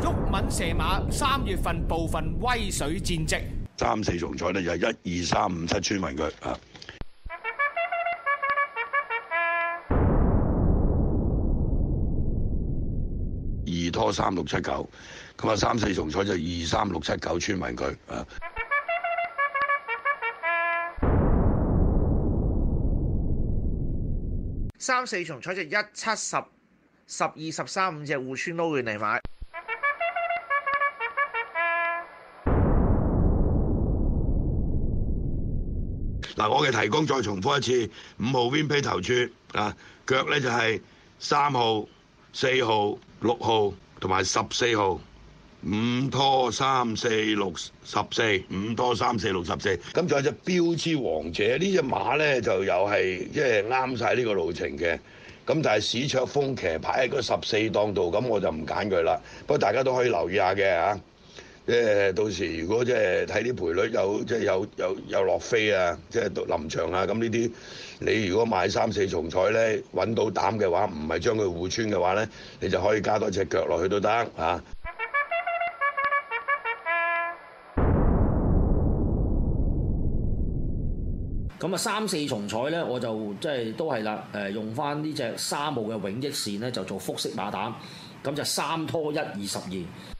玉敏射馬，三月份部分威水戰績，三四重彩咧就係一二三五七村民佢。啊，二拖三六七九，咁啊三四重彩就二三六七九村民佢。啊，三四重彩就一七十十二十三五隻互村撈完嚟買。嗱，我嘅提供再重複一次，五號 win 皮投注啊，腳咧就係三號、四號、六號同埋十四號，五拖三四六十四，五拖三四六十四。咁仲有隻標之王者呢隻馬咧，就又係即係啱晒呢個路程嘅。咁但係史卓峰騎牌喺個十四檔度，咁我就唔揀佢啦。不過大家都可以留意下嘅啊。即係到時，如果即係睇啲賠率有，即係有有有落飛啊，即係臨場啊，咁呢啲你如果買三四重彩咧，揾到膽嘅話，唔係將佢互穿嘅話咧，你就可以加多隻腳落去都得嚇。咁啊，三四重彩咧，我就即係、就係、都係啦，誒，用翻呢隻三毛嘅永益線咧，就做複式馬膽，咁就三拖一二十二。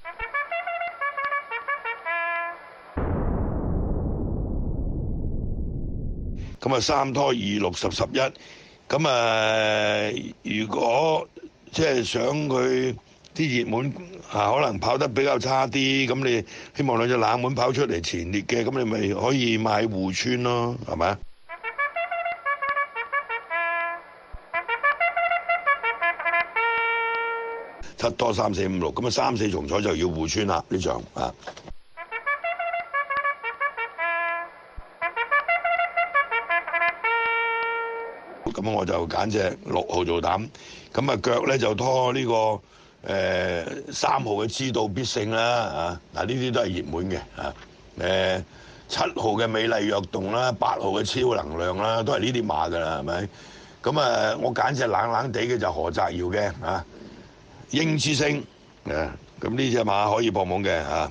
咁啊，三拖二六十十,十一，咁啊，如果即係想佢啲熱門啊可能跑得比較差啲，咁你希望兩隻冷門跑出嚟前列嘅，咁你咪可以買互穿咯，係咪七拖三四五六，咁啊，三四重彩就要互穿啦，呢場啊。咁我就揀隻六號做膽，咁啊腳咧就拖呢個誒三號嘅知道必勝啦啊！嗱，呢啲都係熱門嘅啊誒七號嘅美麗躍動啦，八號嘅超能量啦，都係呢啲馬噶啦，係咪？咁啊，我揀隻冷冷地嘅就是，何澤耀嘅啊，英之星誒，咁呢隻馬可以搏懵嘅啊。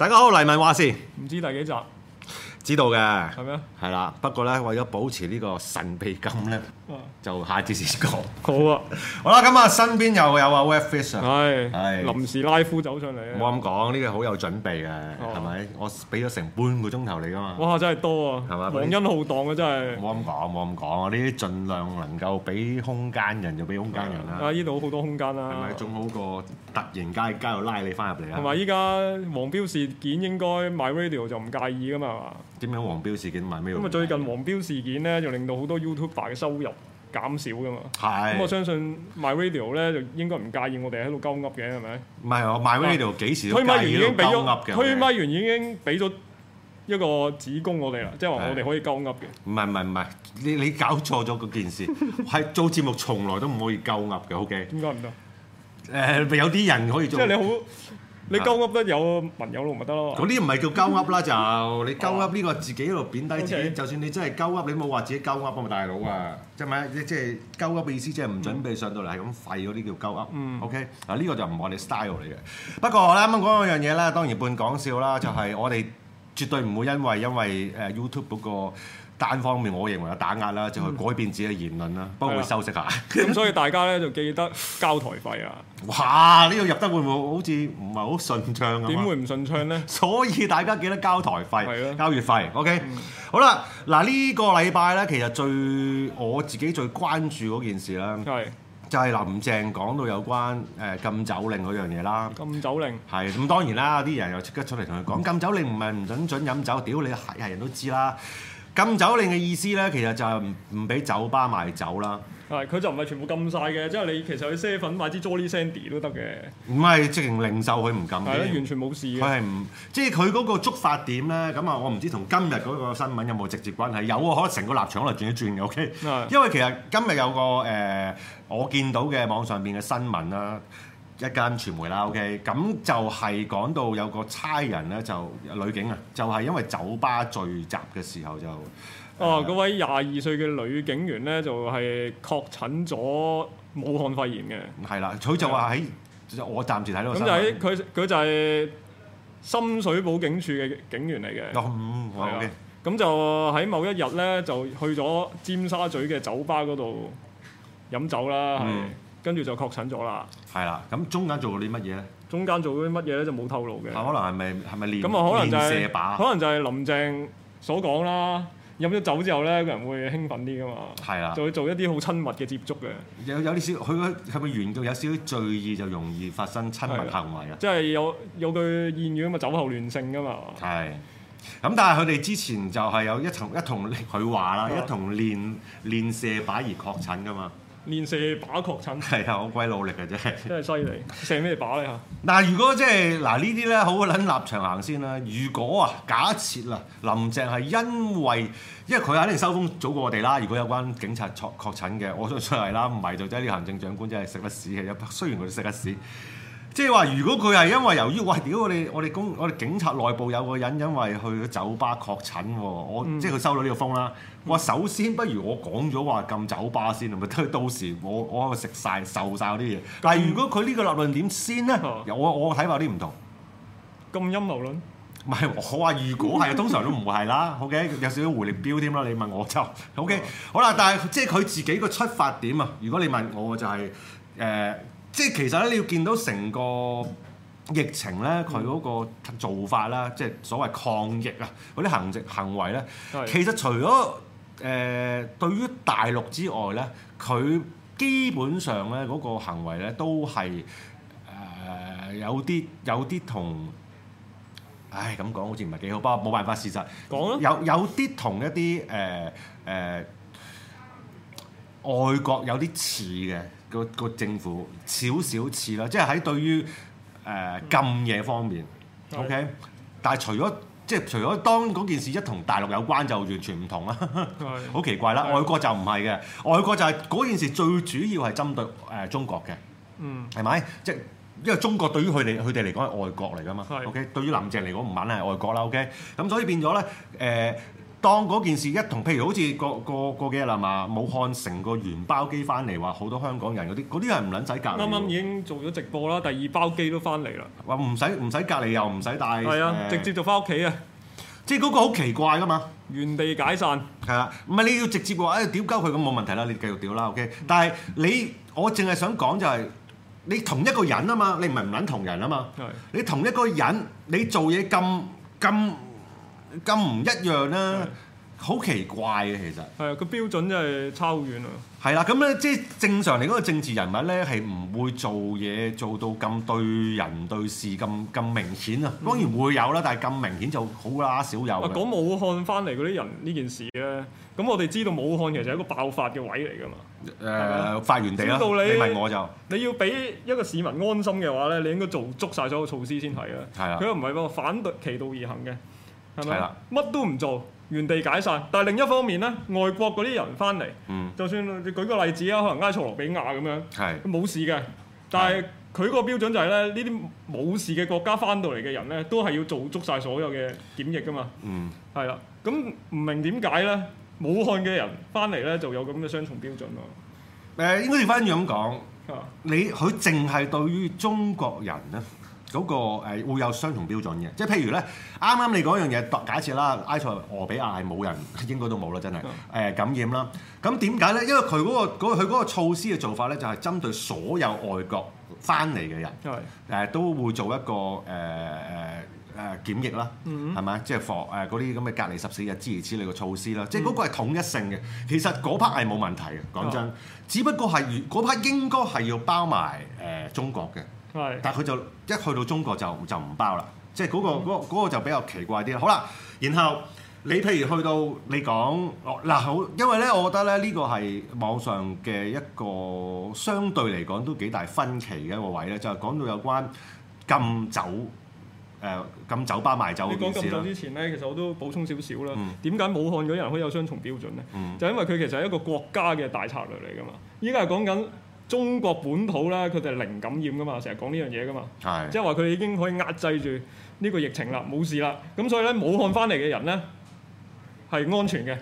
大家好，黎民話事，唔知第幾集，知道嘅，係咩嗎？係啦，不過咧，為咗保持呢個神秘感咧。 就下次先講。好啊， 好啦，咁啊，身邊又有啊 Red Fish，係係臨時拉夫走上嚟。唔好咁講，呢、呢個好有準備啊。係咪？哦。我俾咗成半個鐘頭你噶嘛。哇，真係多啊，皇恩浩蕩啊，真係。唔好咁講，唔好咁講，我呢啲儘量能夠俾空間人就俾空間人啦。啊，依度好多空間啦。係咪仲好過突然間又拉你翻入嚟啊？同埋依家黃標事件應該 MyRadio 就唔介意噶嘛？係嘛點樣黃標事件 MyRadio？咁啊，最近黃標事件咧，就令到好多 YouTuber 嘅收入減少噶嘛。係。咁我相信 MyRadio 咧，就應該唔介意我哋喺度鳩噏嘅，係咪？唔係，我 MyRadio 幾時都介意鳩噏嘅。推麥員已經俾咗一個子供我哋啦，即係話我哋可以鳩噏嘅。唔係唔係唔係，你你搞錯咗個件事。係做節目，從來都唔可以鳩噏嘅。OK。點解唔得？誒，有啲人可以做。即係你好。你鳩噏得有文有路咪得咯？嗰啲唔係叫鳩噏啦，就 你鳩噏呢個自己喺度貶低自己。Okay. 就算你真係鳩噏，你冇話自己鳩噏啊嘛，大佬啊！即係咪？即係鳩噏嘅意思，即係唔準備上到嚟，係咁、嗯、廢嗰啲叫鳩噏。O K、嗯。嗱呢、okay? 啊這個就唔係我哋 style 嚟嘅。不過我啱啱講嗰樣嘢啦，當然半講笑啦，就係、是、我哋絕對唔會因為因為誒 YouTube 嗰、那個。單方面，我認為有打壓啦，就去改變自己嘅言論啦，嗯、不過會修飾下、嗯。咁 所以大家咧就記得交台費啊！哇，呢個入得會唔會好似唔係好順暢啊？點會唔順暢咧？所以大家記得交台費，的交月費。OK、嗯、好啦，嗱、這個、呢個禮拜咧，其實最我自己最關注嗰件事啦，的就係林鄭講到有關誒禁酒令嗰樣嘢啦，禁啦。禁酒令係咁當然啦，啲人又即刻出嚟同佢講禁酒令唔係唔準準飲酒，屌你係係人都知啦。禁酒令嘅意思咧，其實就係唔唔俾酒吧賣酒啦。係，佢就唔係全部禁晒嘅，即係你其實去 seven 買支 Jolly Sandy 都得嘅。唔係，直情零售佢唔禁嘅。完全冇事，佢係唔即係佢嗰個觸發點咧，咁啊，我唔知同今日嗰個新聞有冇直接關係。有啊，可能成個立場可能轉一轉嘅。O K。因為其實今日有個誒、呃，我見到嘅網上邊嘅新聞啦。一間傳媒啦，OK，咁就係講到有個差人咧，就女警啊，就係、是、因為酒吧聚集嘅時候就哦，嗰、嗯、位廿二歲嘅女警員咧就係、是、確診咗武漢肺炎嘅，係啦，佢就話喺的、哎就是、我暫時睇到咁就喺佢佢就係深水埗警署嘅警員嚟嘅，咁就喺某一日咧就去咗尖沙咀嘅酒吧嗰度飲酒啦，係。嗯跟住就確診咗啦。係啦，咁中間做過啲乜嘢咧？中間做過啲乜嘢咧？就冇透露嘅、啊。可能係咪係咪就可能、就是、練射靶？可能就係林鄭所講啦。飲咗酒之後咧，個人會興奮啲噶嘛。係啦的。就會做一啲好親密嘅接觸嘅。有有啲少佢佢係咪原就有少少醉意，就容易發生親密行為啊？即係、就是、有有句諺語啊酒後亂性噶嘛。係。咁但係佢哋之前就係有一層一同佢話啦，一同練一同練射靶而確診噶嘛。練射靶確診係啊！我鬼努力嘅啫，真係犀利！射咩靶啊？嗱， 如果即係嗱呢啲咧，好捻立場行先啦。如果啊，假設啊，林鄭係因為因為佢肯定收風早過我哋啦。如果有關警察確確診嘅，我想出嚟啦。唔係就即係啲行政長官真係食得屎嘅。雖然佢食得屎。即係話，如果佢係因為由於，哇！屌，我哋我哋警我哋警察內部有個人因為去咗酒吧確診，我、嗯、即係佢收到呢個風啦。我、嗯、首先不如我講咗話禁酒吧先，到時我我食晒、受晒嗰啲嘢。嗯、但係如果佢呢個立論點先咧、哦，我我睇法有啲唔同。咁陰謀論？唔係我話，如果係通常都唔會係啦。OK， 有少少回力標添啦。你問我就，OK，好啦。但係即係佢自己個出發點啊。如果你問我、就係，就係誒。即係其實咧，你要見到成個疫情咧，佢嗰個做法啦，即係所謂抗疫啊嗰啲行政行為咧，是的 其實除咗誒、呃、對於大陸之外咧，佢基本上咧嗰、那個行為咧都係誒、呃、有啲有啲同，唉咁講好似唔係幾好，不過冇辦法事實講有有啲同一啲誒誒外國有啲似嘅。個個政府少少似啦，即係喺對於誒、呃、禁嘢方面，OK。但係除咗即係除咗當嗰件事一同大陸有關，就完全唔同啦，好 是的 奇怪啦！是的 外國就唔係嘅，外國就係嗰件事最主要係針對誒、呃、中國嘅，嗯，係咪？即係因為中國對於佢哋佢哋嚟講係外國嚟㗎嘛是的，OK。對於林鄭嚟講唔肯係外國啦，OK。咁所以變咗咧誒。呃呃當嗰件事一同，譬如好似過過過幾日啦嘛，武漢成個原包機翻嚟，話好多香港人嗰啲嗰啲係唔撚使隔。啱啱已經做咗直播啦，第二包機都翻嚟啦。話唔使唔使隔離又唔使帶。係啊，直接就翻屋企啊！即係嗰個好奇怪噶嘛，原地解散。係啊，唔係你要直接話，哎，屌鳩佢咁冇問題啦，你繼續屌啦，OK。但係你我淨係想講就係，你同一個人啊嘛，你唔係唔撚同人啊嘛。係。你同一個人，你做嘢咁咁。咁唔一樣啦、啊，好的奇怪嘅、啊、其實。係啊，個標準真係差好遠啊。係啦，咁咧即係正常嚟講，個政治人物咧係唔會做嘢做到咁對人對事咁咁明顯啊。當然會有啦，但係咁明顯就好啦少有、啊。講武漢翻嚟嗰啲人呢件事咧，咁我哋知道武漢其實係一個爆發嘅位嚟㗎嘛。誒、呃，發源地啦。知道你？你問我就。你要俾一個市民安心嘅話咧，你應該做足曬所有措施先係啊。係啊是的。佢又唔係，我反對其道而行嘅。係咪？乜的都唔做，原地解散。但係另一方面咧，外國嗰啲人翻嚟，嗯、就算你舉個例子啊，可能埃塞俄比亞咁樣，冇的事嘅。但係佢個標準就係、是、咧，呢啲冇事嘅國家翻到嚟嘅人咧，都係要做足晒所有嘅檢疫㗎嘛。係啦、嗯，咁唔明點解咧？武漢嘅人翻嚟咧就有咁嘅雙重標準咯。誒、呃，應該要翻轉咁講，的你佢淨係對於中國人咧？嗰個誒會有相同標準嘅，即係譬如咧，啱啱你講一樣嘢，假設啦，埃塞俄比亞係冇人應該都冇啦，真係誒、mm. 感染啦。咁點解咧？因為佢嗰、嗰個佢嗰措施嘅做法咧，就係針對所有外國翻嚟嘅人，誒、mm. 都會做一個誒誒誒檢疫啦，係咪？Mm. 即係防誒嗰啲咁嘅隔離十四日之如此類嘅措施啦。Mm. 即係嗰個係統一性嘅，其實嗰 part 係冇問題嘅，講真。Mm. 只不過係嗰 part 應該係要包埋誒中國嘅。但佢就一去到中國就就唔包啦，即係嗰個嗰、嗯嗰個嗰、嗰個就比較奇怪啲啦。好啦，然後你譬如去到你講嗱好，因為咧，我覺得咧呢個係網上嘅一個相對嚟講都幾大分歧嘅一個位咧，就係、是、講到有關禁酒誒、呃、禁酒吧賣酒嘅意思。你講禁酒之前咧，其實我都補充少少啦。點解、嗯、武漢嗰啲人可以有雙重標準咧？嗯、就因為佢其實係一個國家嘅大策略嚟㗎嘛。依家係講緊。中國本土咧，佢哋係零感染噶嘛，成日講呢樣嘢噶嘛，是的 即係話佢已經可以壓制住呢個疫情啦，冇事啦。咁所以咧，武漢翻嚟嘅人咧係安全嘅，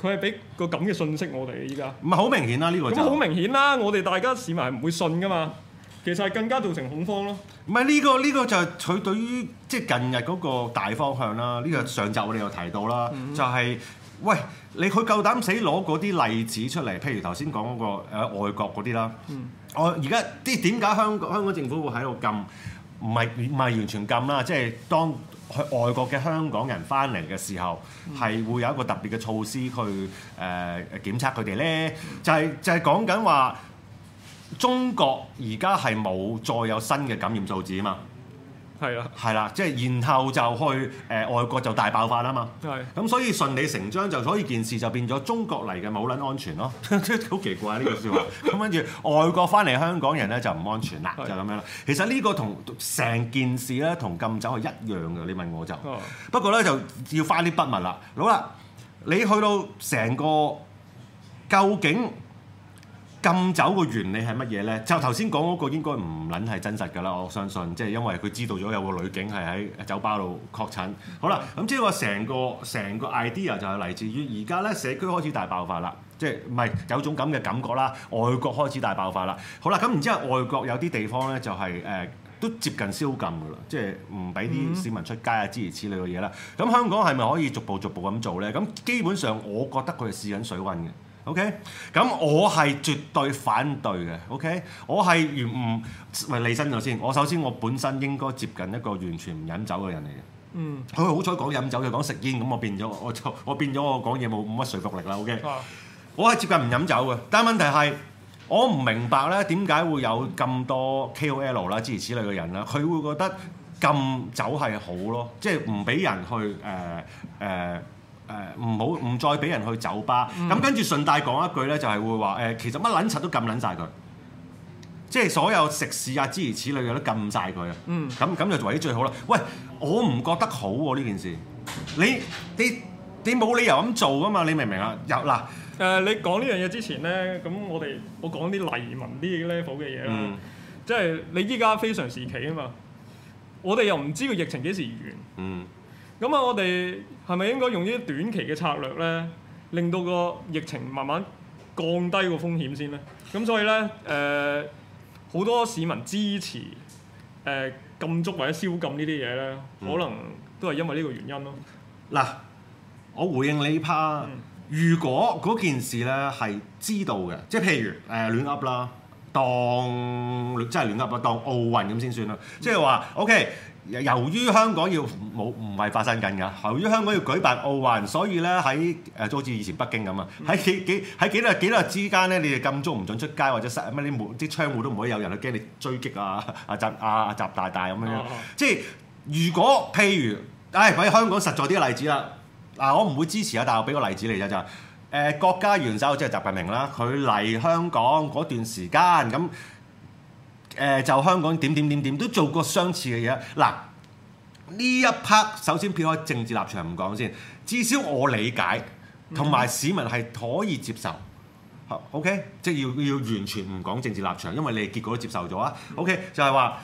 佢係俾個咁嘅信息我哋依家。唔係好明顯啦、啊，呢、這個咁好明顯啦、啊，我哋大家市民係唔會信噶嘛，其實係更加造成恐慌咯、啊。唔係呢個呢、這個就係佢對於即係、就是、近日嗰個大方向啦，呢、這個上集我哋又提到啦，嗯、就係、是。喂，你佢夠膽死攞嗰啲例子出嚟，譬如頭先講嗰個誒外國嗰啲啦。我而家啲點解香港香港政府會喺度禁？唔係唔係完全禁啦，即係當去外國嘅香港人翻嚟嘅時候，係、嗯、會有一個特別嘅措施去誒檢測佢哋咧。就係就係講緊話，中國而家係冇再有新嘅感染數字啊嘛。係啊，係啦，即係然後就去誒、呃、外國就大爆發啊嘛，咁是的 所以順理成章就所以件事就變咗中國嚟嘅冇撚安全咯，好 奇怪呢 個笑話。咁跟住外國翻嚟香港人咧就唔安全啦，是的 就咁樣啦。其實呢個同成件事咧同禁酒係一樣嘅，你問我就。哦、不過咧就要翻啲筆墨啦，好啦，你去到成個究竟。禁酒個原理係乜嘢咧？就頭先講嗰個應該唔撚係真實㗎啦，我相信。即係因為佢知道咗有個女警係喺酒吧度確診。好啦，咁即係話成個成個 idea 就係嚟自於而家咧社區開始大爆發啦。即係唔係有種咁嘅感覺啦？外國開始大爆發啦。好啦，咁然之後外國有啲地方咧就係、是、誒、呃、都接近宵禁㗎啦，即係唔俾啲市民出街啊諸如此類嘅嘢啦。咁、嗯、香港係咪可以逐步逐步咁做咧？咁基本上我覺得佢係試緊水温嘅。OK，咁我係絕對反對嘅。OK，我係完唔咪離身咗先。我首先我本身應該接近一個完全唔飲酒嘅人嚟嘅。嗯，佢、哦、好彩講飲酒嘅講食煙，咁我變咗，我就，我變咗我講嘢冇乜説服力啦。OK，冇錯。我係接近唔飲酒嘅，但係問題係我唔明白咧點解會有咁多 KOL 啦，諸如此類嘅人啦，佢會覺得禁酒係好咯，即係唔俾人去誒誒。呃呃誒唔、呃、好唔再俾人去酒吧，咁跟住順帶講一句咧，就係、是、會話誒、呃，其實乜撚柒都禁撚晒佢，即係所有食肆啊，諸如此類嘅都禁晒佢。嗯，咁咁就為之最好啦。喂，我唔覺得好喎、啊、呢件事，你你你冇理由咁做噶嘛？你明唔明啊？入嗱誒，你講呢樣嘢之前咧，咁我哋我講啲黎民啲 level 嘅嘢，即係你依家非常時期啊嘛，我哋又唔知個疫情幾時完。嗯。嗯。咁啊，我哋係咪應該用啲短期嘅策略咧，令到個疫情慢慢降低個風險先咧？咁所以咧，誒、呃、好多市民支持誒、呃、禁足或者宵禁呢啲嘢咧，可能都係因為呢個原因咯、嗯。嗱，我回應你怕，嗯、如果嗰件事咧係知道嘅，即係譬如誒、呃、亂噏啦，當即係亂噏啦，當奧運咁先算啦。即係話 O K。嗯 okay。由於香港要冇唔係發生緊㗎，由於香港要舉辦奧運，所以咧喺誒就好似以前北京咁啊，喺幾幾喺幾耐幾耐之間咧，你哋禁足唔准出街或者塞乜啲門啲窗戶都唔可以有人去，驚你追擊啊！阿、啊、習阿、啊、習大大咁樣，啊、即係如果譬如誒，喺、哎、香港實在啲嘅例子啦，嗱我唔會支持啊，但係我俾個例子嚟咋，就係誒國家元首即係習近平啦，佢嚟香港嗰段時間咁。誒、呃、就香港點點點點都做過相似嘅嘢。嗱，呢一 part 首先撇開政治立場唔講先，至少我理解同埋市民係可以接受。嚇，OK，即係要要完全唔講政治立場，因為你結果都接受咗啊。嗯、OK，就係話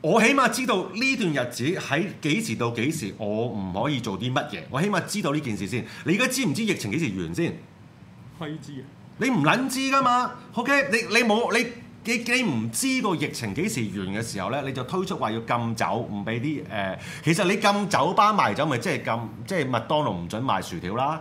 我起碼知道呢段日子喺幾時到幾時，我唔可以做啲乜嘢。我起碼知道呢件事先。你而家知唔知疫情幾時完先？我可以知啊、okay?，你唔撚知㗎嘛？OK，你你冇你。你你唔知個疫情幾時完嘅時候咧，你就推出話要禁酒，唔俾啲誒。其實你禁酒吧賣酒，咪即係禁，即係麥當勞唔准賣薯條啦，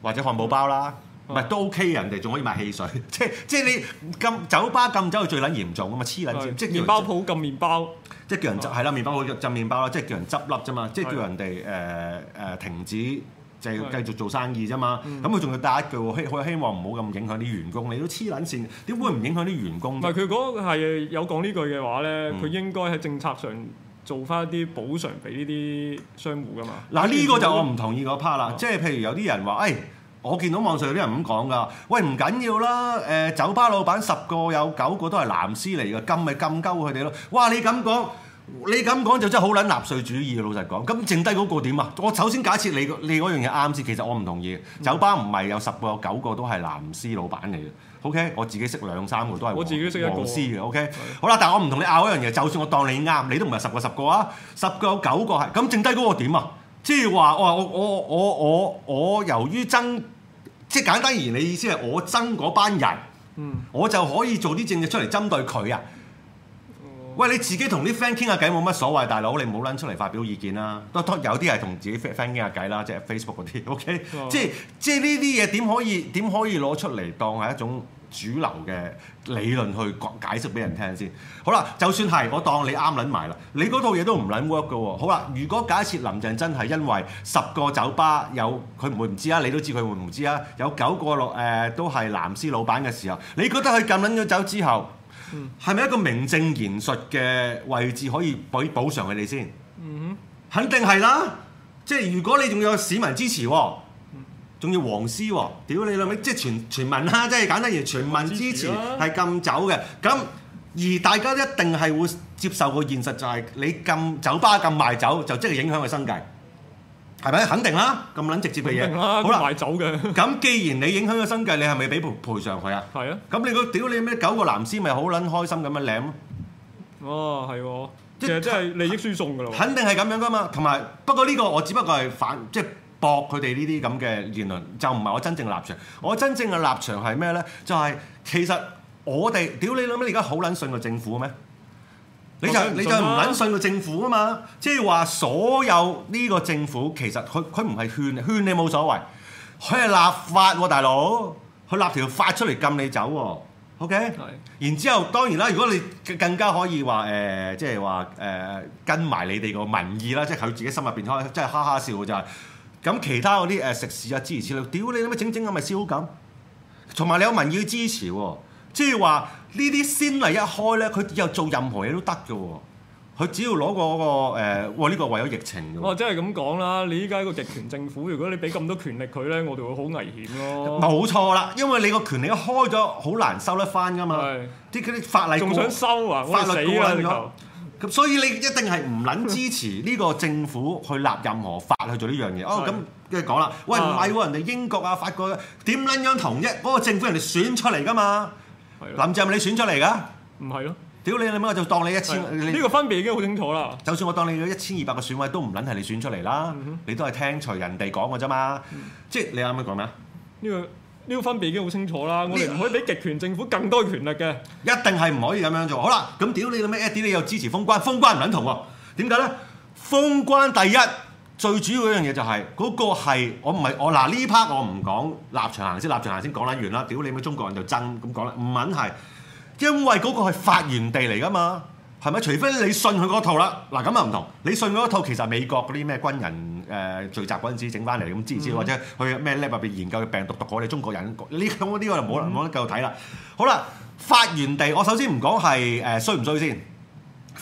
或者漢堡包啦，唔係、啊、都 OK，人哋仲可以賣汽水。即即係你禁酒吧禁酒，禁酒係最撚嚴重㗎嘛是，黐撚線。即係麵包鋪禁麵包，即叫人執係啦，麵包鋪禁麵包啦，即叫人執笠啫嘛，即叫人哋誒誒停止。就係繼續做生意啫嘛，咁佢仲要帶一句，希希望唔好咁影響啲員工。你都黐撚線，點會唔影響啲員工？唔係佢嗰個係有講呢句嘅話咧，佢、嗯、應該喺政策上做翻一啲補償俾呢啲商戶噶嘛。嗱呢、嗯呢個就我唔同意嗰 part 啦。嗯、即係譬如有啲人話，誒、哎，我見到網上有啲人咁講㗎，喂唔緊要啦。誒、呃，酒吧老闆十個有九個都係藍絲嚟㗎，禁咪禁鳩佢哋咯。哇，你咁講。你咁講就真係好撚納粹主義，老實講。咁剩低嗰個點啊？我首先假設你你嗰樣嘢啱先，其實我唔同意。嗯、酒吧唔係有十個有九個都係藍絲老闆嚟嘅。OK，我自己識兩三個都係黃絲嘅。OK，的好啦，但係我唔同你拗一樣嘢。就算我當你啱，你都唔係十個十個啊。十個有九個係，咁剩低嗰個點啊？即係話我我我我我我由於憎即係簡單而言，你意思係我憎嗰班人，嗯、我就可以做啲政嘢出嚟針對佢啊。喂，你自己同啲 friend 傾下偈冇乜所謂，大佬你唔好撚出嚟發表意見啦。當當有啲係同自己 friend 傾下偈啦，即係 Facebook 嗰啲。OK，、oh. 即係即係呢啲嘢點可以點可以攞出嚟當係一種主流嘅理論去解解釋俾人聽先。好啦，就算係，我當你啱撚埋啦，你嗰套嘢都唔撚 work 㗎喎。好啦，如果假設林鄭真係因為十個酒吧有佢唔會唔知啦，你都知佢會唔知啦，有九個老、呃、都係藍絲老闆嘅時候，你覺得佢禁撚咗酒之後？係咪一個名正言順嘅位置可以俾補償佢哋先？嗯哼，肯定係啦。即係如果你仲有市民支持、哦，仲要黃絲、哦，屌你老味，即係全全民啦，即係簡單而全民支持係禁酒嘅。咁而大家一定係會接受個現實，就係你禁酒吧禁賣酒，就即係影響佢生計。係咪？肯定啦，咁撚直接嘅嘢，好難，賣買走嘅。咁既然你影響咗生計，你係咪俾賠賠償佢啊？係啊。咁你個屌你咩九個男屍咪好撚開心咁樣舐咯？哦，係、哦。其實即係利益輸送噶咯。肯定係咁樣噶嘛。同埋、嗯、不過呢個我只不過係反即係駁佢哋呢啲咁嘅言論，就唔係我真正立場。我真正嘅立場係咩咧？就係、是、其實我哋屌你諗咩？你而家好撚信個政府咩？你就你就唔撚信個政府啊嘛！即係話所有呢個政府其實佢佢唔係勸你，勸你冇所謂。佢係立法喎、啊，大佬，佢立條法出嚟禁你走喎、啊。OK，是然之後當然啦，如果你更加可以話誒、呃就是呃，即係話誒跟埋你哋個民意啦，即係佢自己心入邊開，即係哈哈笑就係。咁其他嗰啲誒食肆啊，諸如此類，屌 你啲乜整整咁咪、就是、燒咁，同埋你有民意支持喎、啊。即係話呢啲先例一開咧，佢以後做任何嘢都得㗎喎。佢只要攞、嗰個、呃呢個誒，哇呢個為咗疫情嘅。哇、啊，即係咁講啦，你依家個極權政府，如果你俾咁多權力佢咧，我哋會好危險咯。冇錯啦，因為你個權力一開咗，好難收得翻噶嘛。啲佢啲法例仲想收啊！法律我死啦！咁所以你一定係唔撚支持呢個政府去 立任何法去做呢樣嘢。的哦，咁跟住講啦，喂唔係喎，的人哋英國啊、法國嘅點撚樣統一？嗰、嗰個政府人哋選出嚟噶嘛？林鄭係咪你選出嚟噶？唔係咯，屌你你乜就當你一千呢個分別已經好清楚啦。就算我當你一千二百個選委都唔撚係你選出嚟啦，你都係聽隨人哋講嘅啫嘛。即係你啱啱講咩？呢個呢個分別已經好清楚啦。 我哋唔可以俾極權政府更多權力嘅，一定係唔可以咁樣做。好啦，咁屌你你乜 add 啲你又支持封關？封關唔撚同喎？點解咧？封關第一。最主要嗰樣嘢就係、是、嗰、那個係我唔係我嗱呢 part 我唔講立場行先，立場行先講啦完啦，屌你咪中國人就憎咁講啦，唔緊係，因為嗰個係發源地嚟㗎嘛，係咪？除非你信佢嗰套啦，嗱咁又唔同，你信佢嗰套，其實美國嗰啲咩軍人誒、呃、聚集嗰陣時整翻嚟咁支持，知知 mm hmm. 或者去咩 Lab 入邊研究嘅病毒毒我哋中國人，呢咁呢個就冇冇得繼續睇啦。好啦，發源地我首先唔講係誒衰唔衰先。呃壞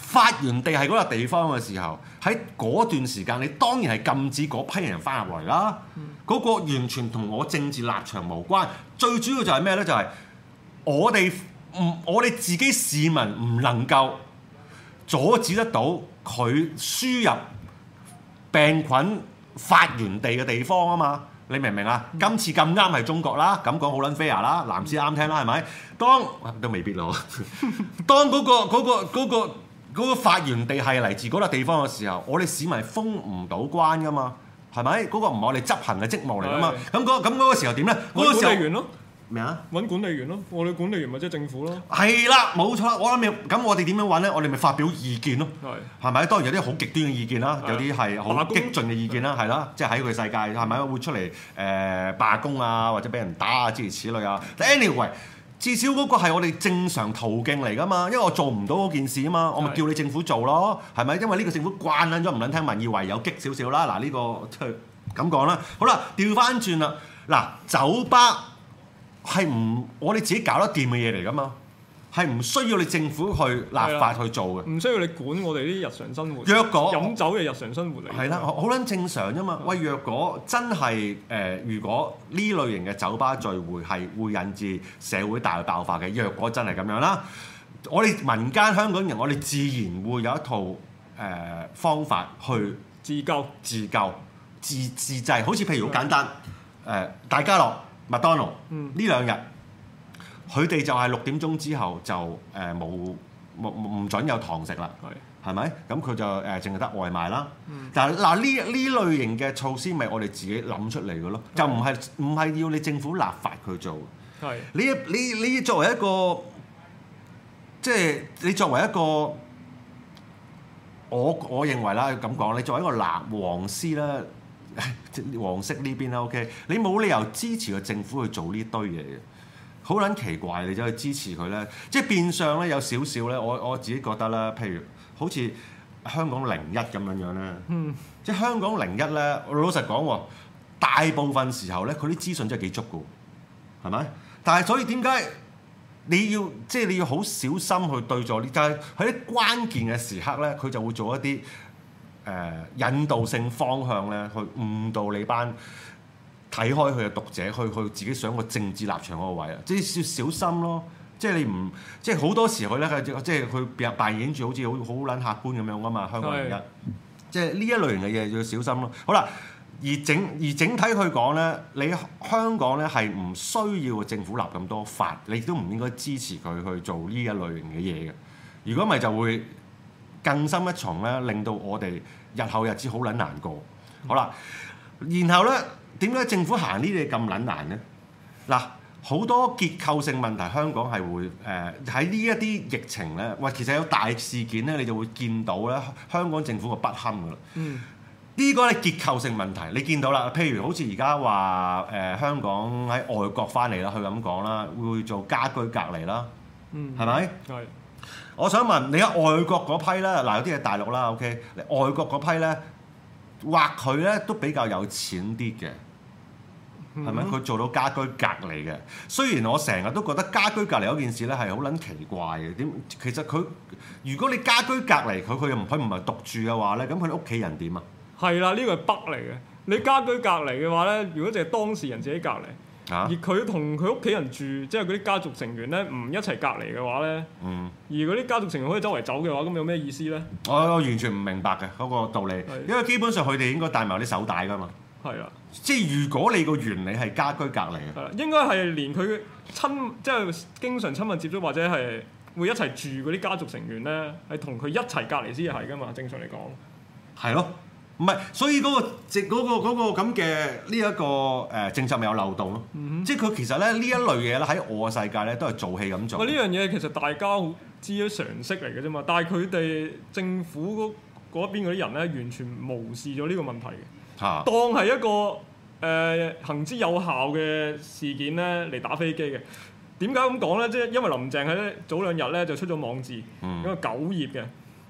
發源地係嗰個地方嘅時候，喺嗰段時間，你當然係禁止嗰批人翻入嚟啦。嗰、嗯、個完全同我政治立場無關，最主要就係咩呢？就係、是、我哋唔，我哋自己市民唔能夠阻止得到佢輸入病菌發源地嘅地方啊嘛！你明唔明啊？今次咁啱係中國啦，咁講好撚 fair 啦，藍絲啱聽啦，係咪、嗯？當、啊、都未必咯，當嗰個嗰個嗰個。嗰個發源地係嚟自嗰個地方嘅時候，我哋市民封唔到關噶嘛，係咪？嗰、嗰個唔係我哋執行嘅職務嚟噶嘛，咁嗰咁嗰個時候點咧？揾、嗰個、管理員咯，咩啊？揾麼管理員咯、啊，我哋管理員或者政府咯、啊。係啦，冇錯。我諗咪咁，我哋點樣揾咧？我哋咪發表意見咯。係咪？當然有啲好極端嘅意見啦，有啲係好激進嘅意見啦，係啦。即係喺佢世界係咪會出嚟誒、呃、罷工啊，或者俾人打啊之如此類呀？Anyway。至少嗰個係我哋正常途徑嚟㗎嘛，因為我做唔到嗰件事啊嘛，我咪叫你政府做咯，係咪？因為呢個政府慣撚咗唔撚聽民意，唯有激少少啦。嗱、這個，呢個即係咁講啦。好啦，調返轉啦，嗱，酒吧係唔我哋自己搞得掂嘅嘢嚟㗎嘛。係唔需要你政府去立法去做嘅，唔需要你管我哋啲日常生活。若果飲酒嘅日常生活嚟，係啦，好撚正常啫嘛。喂，若果真係誒、呃，如果呢類型嘅酒吧聚會係會引致社會大爆發嘅，若果真係咁樣啦，我哋民間香港人，我哋自然會有一套誒、呃、方法去自救、自救、自自制。好似譬如好簡單，誒、呃，大家樂、麥當勞呢兩日。嗯佢哋就係六點鐘之後就誒、冇冇唔準有堂食啦，係咪？咁佢就誒、淨係得外賣啦。但係嗱，呢呢類型嘅措施，咪我哋自己諗出嚟嘅咯，就唔係唔係要你政府立法去做。係你你你，作為一個即係你作為一個我我，認為啦咁講，你作為一個藍黃絲啦，黃色呢邊啦，OK，你冇理由支持個政府去做呢堆嘢嘅。好撚奇怪，你就去支持佢咧，即係變相咧有少少咧，我我自己覺得啦，譬如好似香港零一咁樣樣咧，嗯，即係香港零一咧，我老實講喎，大部分時候咧，佢啲資訊真係幾足噶，係咪？但係所以點解你要即係、就是、你要好小心去對待呢？就喺啲關鍵嘅時刻咧，佢就會做一啲誒、呃、引導性方向咧，去誤導你班。睇開佢嘅讀者，去去自己想個政治立場嗰個位啊，即係要小心咯。即係你唔即係好多時佢咧，即係佢扮演住好似好好撚客觀咁樣㗎嘛。香港人，是的 即係呢一類型嘅嘢要小心咯。好啦，而整而整體去講咧，你香港咧係唔需要政府立咁多法，你都唔應該支持佢去做呢一類型嘅嘢嘅。如果唔係就會更深一重咧，令到我哋日後日子好撚難過。好啦，然後咧。點解政府行呢啲嘢咁撚難咧？嗱，好多結構性問題，香港係會誒喺呢一啲疫情咧，喂、呃，其實有大事件咧，你就會見到咧，香港政府個不堪噶啦。呢個咧結構性問題，你見到啦，譬如好似而家話誒香港喺外國翻嚟啦，佢咁講啦，會做家居隔離啦，嗯，係咪吧？係。我想問你喺外國嗰批咧，嗱、呃、有啲係大陸啦，OK，你外國嗰批咧，話佢咧都比較有錢啲嘅。係咪佢做到家居隔離嘅？雖然我成日都覺得家居隔離嗰件事咧係好撚奇怪嘅。點其實佢，如果你家居隔離佢，佢又佢唔係獨住嘅話咧，咁佢屋企人點啊？係啦，呢個係北嚟嘅。你家居隔離嘅話咧，如果淨係當事人自己隔離，啊、而佢同佢屋企人住，即係嗰啲家族成員咧唔一齊隔離嘅話咧，嗯、而嗰啲家族成員可以周圍走嘅話，咁有咩意思咧？我完全唔明白嘅嗰、嗰個道理，的因為基本上佢哋應該戴埋啲手帶㗎嘛。係啊，即係如果你個原理係家居隔離啊，應該係連佢親即係經常親密接觸或者係會一齊住嗰啲家族成員咧，係同佢一齊隔離先係噶嘛。嗯、正常嚟講，係咯，唔係，所以嗰、個政嗰、個嗰、個咁嘅呢一個誒、呢個呃、政策咪有漏洞咯。嗯、即係佢其實咧呢、嗯、一類嘢咧喺我嘅世界咧都係做戲咁做。呢樣嘢其實大家知啲常識嚟嘅啫嘛，但係佢哋政府嗰邊嗰啲人咧完全無視咗呢個問題嘅。當係一個誒、呃、行之有效嘅事件咧嚟打飛機嘅，點解咁講咧？即係因為林鄭喺早兩日咧就出咗網誌，因為、嗯、九頁嘅，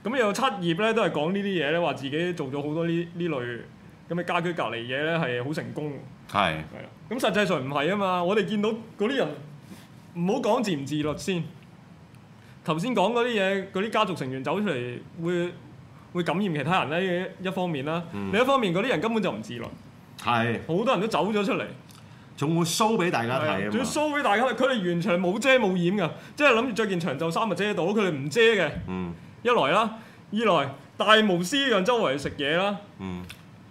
咁有七頁咧都係講呢啲嘢咧，話自己做咗好多呢呢類咁嘅家居隔離嘢咧係好成功。係係，咁實際上唔係啊嘛，我哋見到嗰啲人唔好講自唔自律先，頭先講嗰啲嘢，嗰啲家族成員走出嚟會，會感染其他人咧一方面啦， 另一方面嗰啲、嗯、人根本就唔自律，係好多人都走咗出嚟，仲會 show 俾大家睇啊嘛，仲要 show 俾大家睇，佢哋完全冇遮冇掩嘅，即係諗住着，着件長袖衫咪遮到，佢哋唔遮嘅，嗯、一來啦，二來大模廝樣周圍食嘢啦，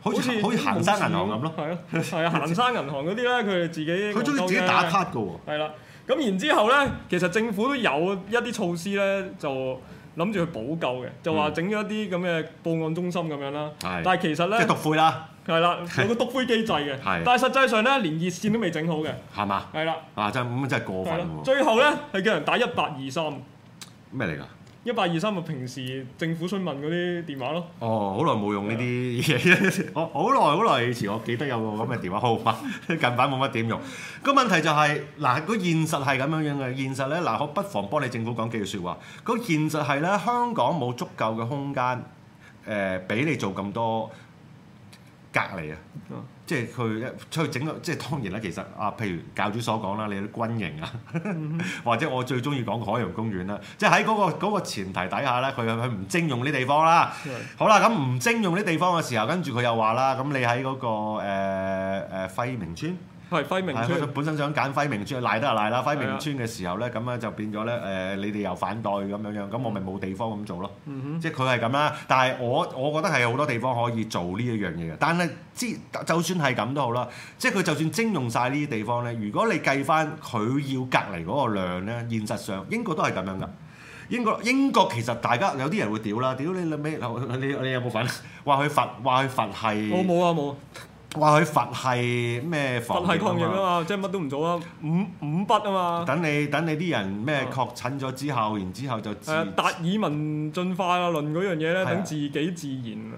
好似好似式行山銀行咁咯，係 啊，行山銀行嗰啲咧，佢哋自己佢中意自己打卡㗎喎，係啦，咁然之後咧，其實政府都有一啲措施咧，就。諗住去補救嘅，就話整咗一啲咁嘅報案中心咁樣啦。的但係其實呢，即係篤灰啦。係啦，有個篤灰機制嘅。 是的 但係實際上呢，連熱線都未整好嘅。係嘛嗎？係啦了。啊！真咁真係過分。最後呢，係叫人打一八二三。咩嚟㗎？一八二三咪平時政府詢問嗰啲電話咯。哦，好耐冇用呢啲嘢，我好耐好耐以前我記得有個咁嘅電話號碼，近排冇乜點用。個問題就係嗱，個現實係咁樣樣嘅。現實咧嗱，我不妨幫你政府講幾句説話。個現實係咧，香港冇足夠嘅空間誒，俾你做咁多隔離啊。即係佢一出去整個，即係當然啦。其實啊，譬如教主所講啦，你啲軍營啊，mm hmm. 或者我最中意講海洋公園啦。即係喺嗰個嗰個前提底下咧，佢佢唔徵用呢啲地方啦。Yeah. 好啦，咁唔徵用呢啲地方嘅時候，跟住佢又話啦，咁你喺嗰個誒誒暉明邨。係輝明村，本身想揀輝明村，賴得就賴啦。輝明村嘅時候咧，咁啊是的 就變咗咧，誒、呃，你哋又反對咁樣樣，咁我咪冇地方咁做咯。嗯、哼 即係佢係咁啦，但係我我覺得係有好多地方可以做呢一樣嘢。嘅。但係之就算係咁都好啦，即係佢就算徵用晒呢啲地方咧，如果你計翻佢要隔離嗰個量咧，現實上英國都係咁樣噶。英國英國，英國其實大家有啲人會屌啦，屌你你你你有冇份？話佢佛話佢佛係冇啊冇。話佢佛系咩，佛系抗疫啊嘛，即係乜都唔做啊，五五筆啊嘛。等你等你啲人咩確診咗之後，啊、然之後就誒、啊、達爾文進化、啊、論嗰樣嘢咧，是啊、等自己自然、啊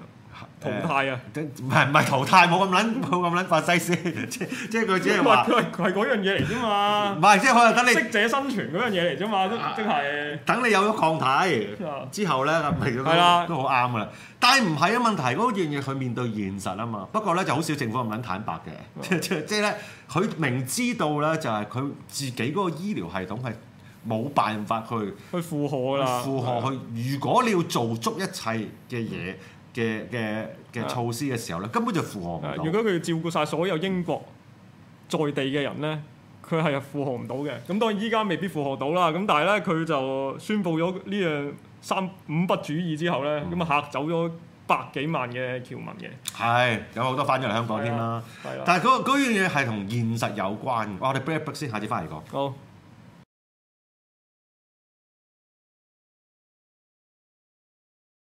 淘汰啊、呃！唔係唔係淘汰，冇咁撚冇咁撚法西斯，即即係佢只係話，佢係嗰樣嘢嚟啫嘛。唔係， 即係可能等你適者生存嗰樣嘢嚟啫嘛，即都係。等你有咗抗體、啊、之後咧，係啦、那個，啊、都好啱噶啦。但係唔係嘅問題，嗰樣嘢佢面對現實啊嘛。不過咧就好少政府咁撚坦白嘅，即即即咧，佢 明知道咧就係、是、佢自己嗰個醫療系統係冇辦法去去負荷啦，負荷去。如果你要做足一切嘅嘢。嘅嘅嘅措施嘅時候咧，Yeah. 根本就符合唔到。如果佢照顧晒所有英國在地嘅人咧，佢係符合唔到嘅。咁當然依家未必符合到啦。咁但係咧，佢就宣布咗呢樣三五筆主義之後咧，咁啊 Yeah. 嚇走咗百幾萬嘅僑民嘅 Yeah.。係有好多翻咗嚟香港添啦。Yeah. 但係嗰嗰樣嘢係同現實有關嘅。我哋 break break 先下，下次翻嚟講。好。Oh.